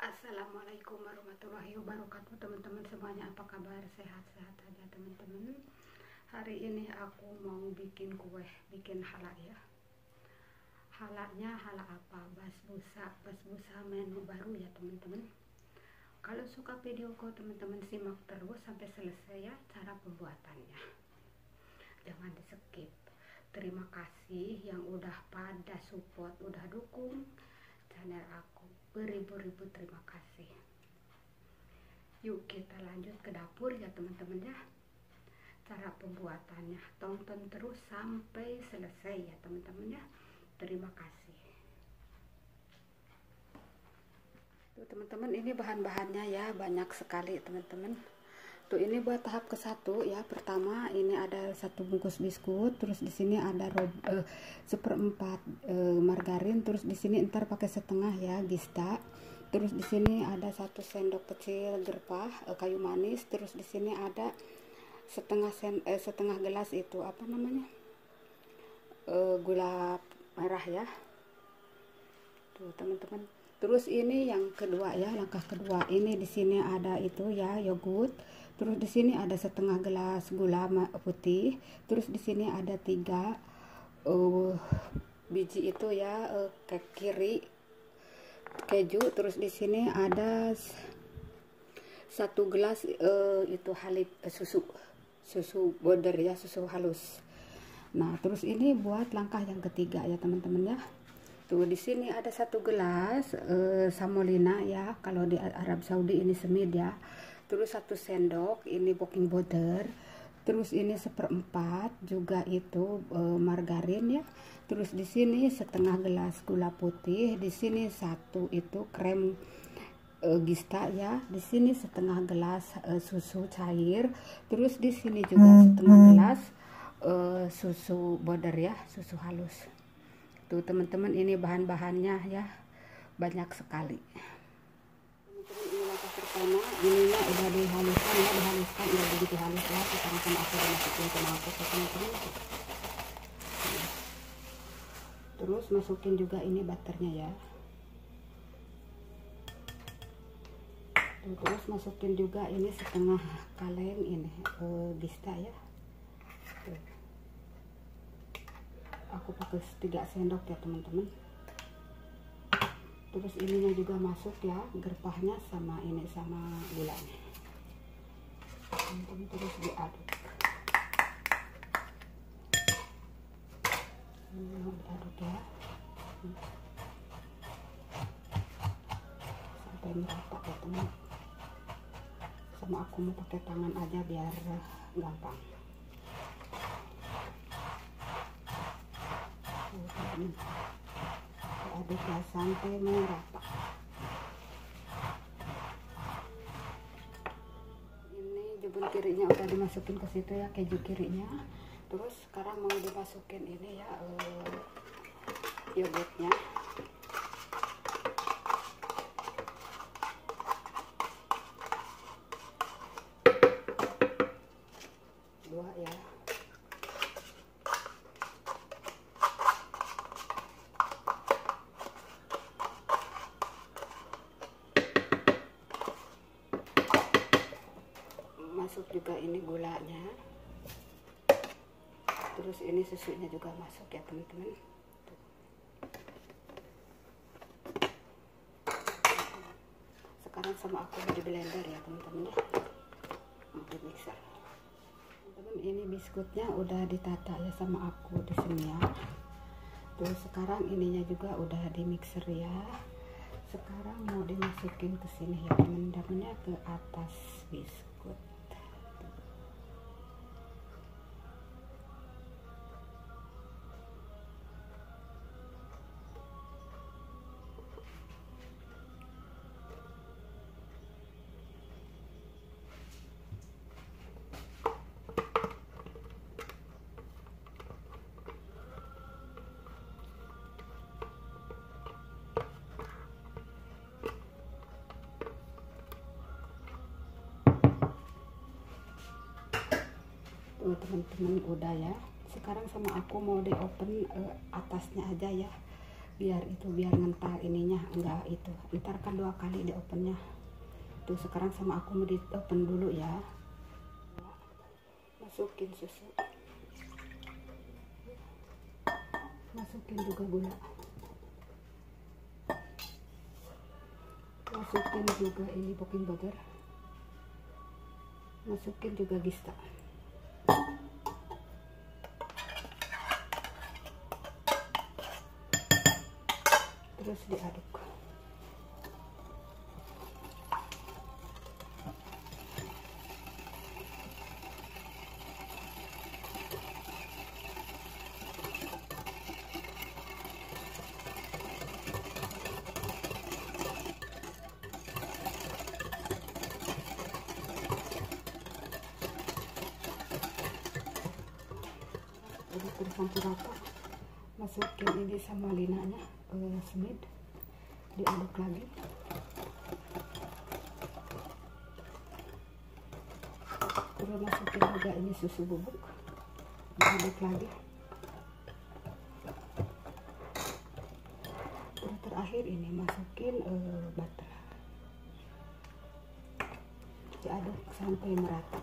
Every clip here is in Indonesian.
Assalamualaikum warahmatullahi wabarakatuh teman-teman semuanya apa kabar sehat-sehat aja teman-teman hari ini aku mau bikin kue bikin halak ya halaknya halak apa bas busa bas busa menu baru ya teman-teman kalau suka videoku teman-teman simak terus sampai selesai ya cara pembuatannya jangan di skip terima kasih yang udah pada support udah dukung channel aku beribu-ribu terima kasih yuk kita lanjut ke dapur ya teman-teman ya cara pembuatannya tonton terus sampai selesai ya teman-teman ya terima kasih tuh teman-teman ini bahan-bahannya ya banyak sekali teman-teman tuh ini buat tahap ke satu ya pertama ini ada satu bungkus biskuit terus di sini ada rob, eh, seperempat eh, margarin terus di sini ntar pakai setengah ya gista terus di sini ada satu sendok kecil gerpah eh, kayu manis terus di sini ada setengah sen, eh, setengah gelas itu apa namanya eh, gula merah ya tuh teman-teman terus ini yang kedua ya langkah kedua ini di sini ada itu ya yogurt terus di sini ada setengah gelas gula putih terus di sini ada tiga uh, biji itu ya uh, eh, ke kiri keju terus di sini ada satu gelas uh, itu halip uh, susu susu border ya susu halus nah terus ini buat langkah yang ketiga ya teman-teman ya Tuh gitu. di sini ada satu gelas e, eh, samolina ya, kalau di Arab Saudi ini semid ya. Terus satu sendok ini baking powder. Terus ini seperempat juga itu e, margarin ya. Terus di sini setengah gelas gula putih, di sini satu itu krem eh, gista ya. Di sini setengah gelas e, susu cair. Terus di sini juga hmm, setengah hmm. gelas uh, susu border ya, susu halus. Tuh gitu. teman-teman ini bahan-bahannya ya banyak sekali. ini langkah pertama, ininya udah dihaluskan ya, dihaluskan udah begitu halus ya. Sekarang sama aku masukin ke mangkok ya teman-teman. Terus masukin juga ini butternya ya. Terus masukin juga ini setengah kaleng ini ke eh, bista ya. aku pakai 3 sendok ya teman-teman terus ininya juga masuk ya gerpahnya sama ini sama gulanya teman-teman terus diaduk ini diaduk ya sampai merata ya teman sama aku mau pakai tangan aja biar gampang ini diaduk sampai merata ini jebun kirinya udah dimasukin ke situ ya keju kirinya terus sekarang mau dimasukin ini ya uh, yogurtnya juga ini gulanya terus ini susunya juga masuk ya teman-teman sekarang sama aku di blender ya teman-teman ya di mixer teman-teman ini biskuitnya udah ditata ya sama aku di sini ya terus sekarang ininya juga udah di mixer ya sekarang mau dimasukin ke sini ya teman-temannya ke atas biskuit sama teman-teman udah ya sekarang sama aku mau di open uh, eh, atasnya aja ya biar itu biar ngentar ininya enggak itu ntar kan dua kali di opennya tuh sekarang sama aku mau di open dulu ya masukin susu masukin juga gula masukin juga ini baking burger masukin juga gista jadi tercampur rata masukin ini sama linanya ke eh, semit diaduk lagi terus masukin juga ini susu bubuk diaduk lagi terus terakhir ini masukin uh, butter diaduk sampai merata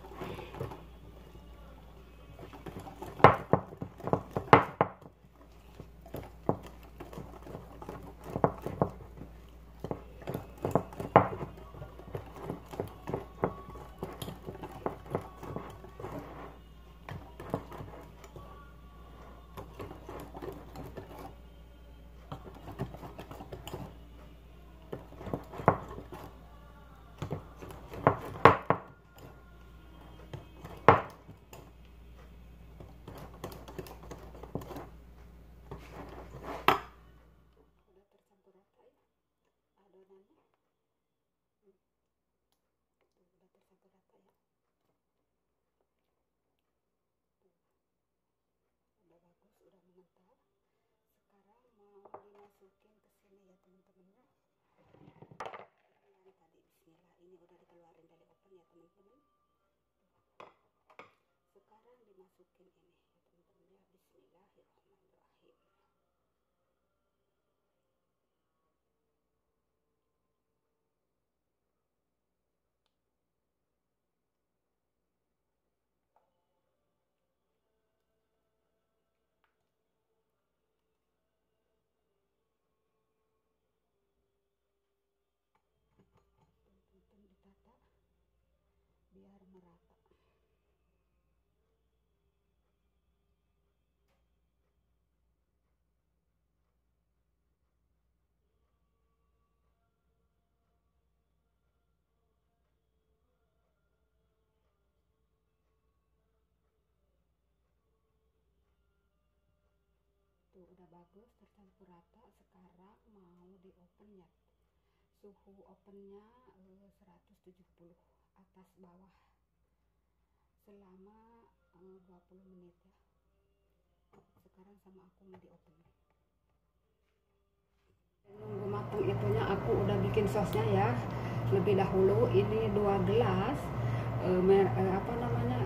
এখানে bagus tercampur rata sekarang mau di open ya suhu opennya 170 eh, atas bawah selama 20 eh, menit ya sekarang sama aku mau di open nunggu matang itunya aku udah bikin sausnya ya lebih dahulu ini dua gelas eh, mer, eh, apa namanya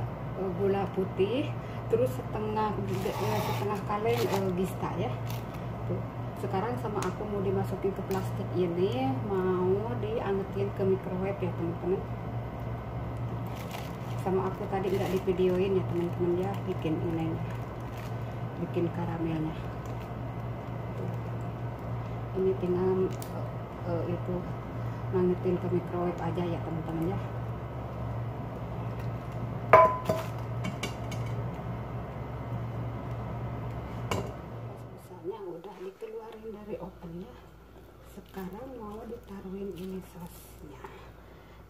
gula putih terus setengah ya, setengah kaleng uh, eh, gista ya tuh sekarang sama aku mau dimasukin ke plastik ini mau diangetin ke microwave ya teman-teman sama aku tadi nggak di videoin ya teman-teman ya bikin ini bikin karamelnya ini tinggal uh, itu ngangetin ke microwave aja ya teman-teman ya keluarin dari ovennya sekarang mau ditaruhin ini sausnya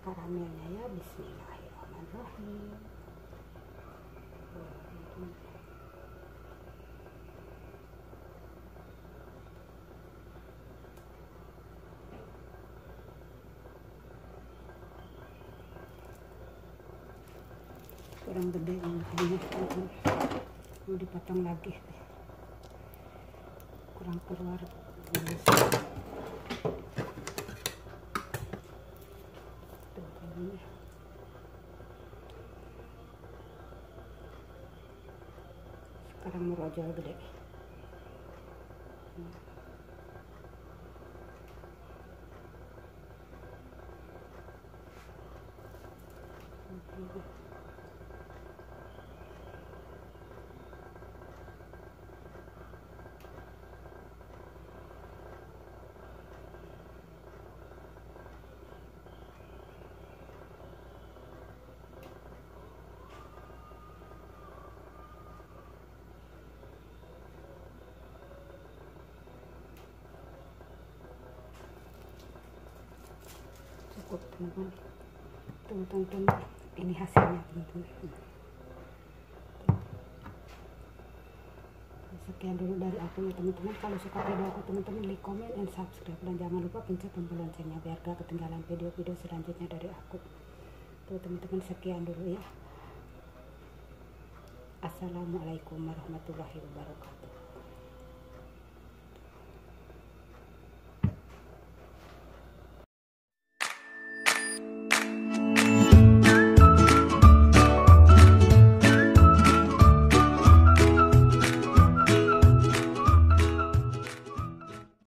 karamelnya ya bismillahirrahmanirrahim kurang gede ini mau dipotong lagi sekarang mau aja sekarang gede takut teman-teman tung tung tung ini hasilnya teman-teman sekian dulu dari aku ya teman-teman kalau suka video aku teman-teman like comment and subscribe dan jangan lupa pencet tombol loncengnya biar gak ketinggalan video-video selanjutnya dari aku tuh teman-teman sekian dulu ya Assalamualaikum warahmatullahi wabarakatuh